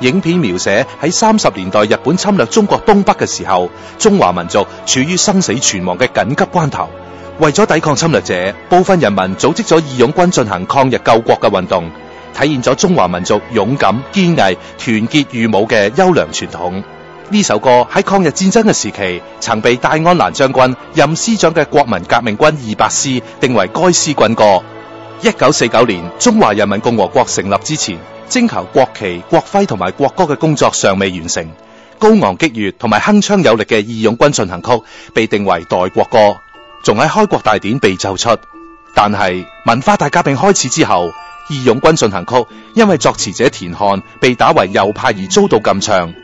影片描寫喺三十年代日本侵略中國東北嘅時候，中華民族處於生死存亡嘅緊急關頭，為咗抵抗侵略者，部分人民組織咗義勇軍進行抗日救國嘅運動，體現咗中華民族勇敢、堅毅、團結禦侮嘅優良傳統。呢首歌喺抗日戰爭嘅時期，曾被戴安瀾將軍任師長嘅國民革命軍二百師定為該師軍歌。一九四九年中華人民共和國成立之前，徵求國旗、國徽同埋國歌嘅工作尚未完成。高昂激越同埋鏗鏘有力嘅《義勇軍進行曲》被定為代國歌，仲喺開國大典被奏出。但係文化大革命開始之後，《義勇軍進行曲》因為作詞者田漢被打為右派而遭到禁唱。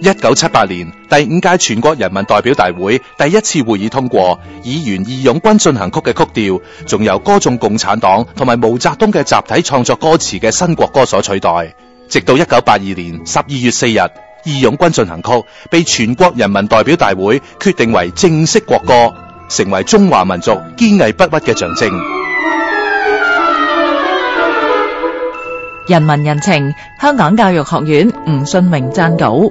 一九七八年，第五屆全國人民代表大會第一次會議通過沿用《義勇軍進行曲》嘅曲調，仲由歌頌共產黨同埋毛澤東嘅集體創作歌詞嘅新國歌所取代。直到一九八二年十二月四日，《義勇軍進行曲》被全國人民代表大會決定為正式國歌，成為中華民族堅毅不屈嘅象徵。人民人情，香港教育學院吳信明撰稿。